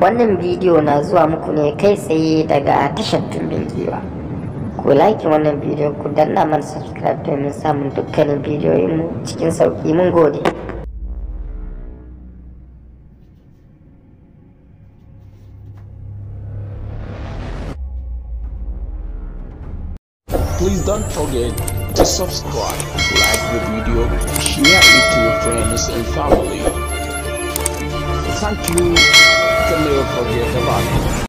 wannan bidiyo na zuwa muku ne kai tsaye daga tashar tumbin giwa ku like wannan bidiyo ku danna mana subscribe domin samun dukkanin bidiyoyin mu cikin sauki mun gode Please don't forget to subscribe, like the video, share it to your friends and family. Thank you. body.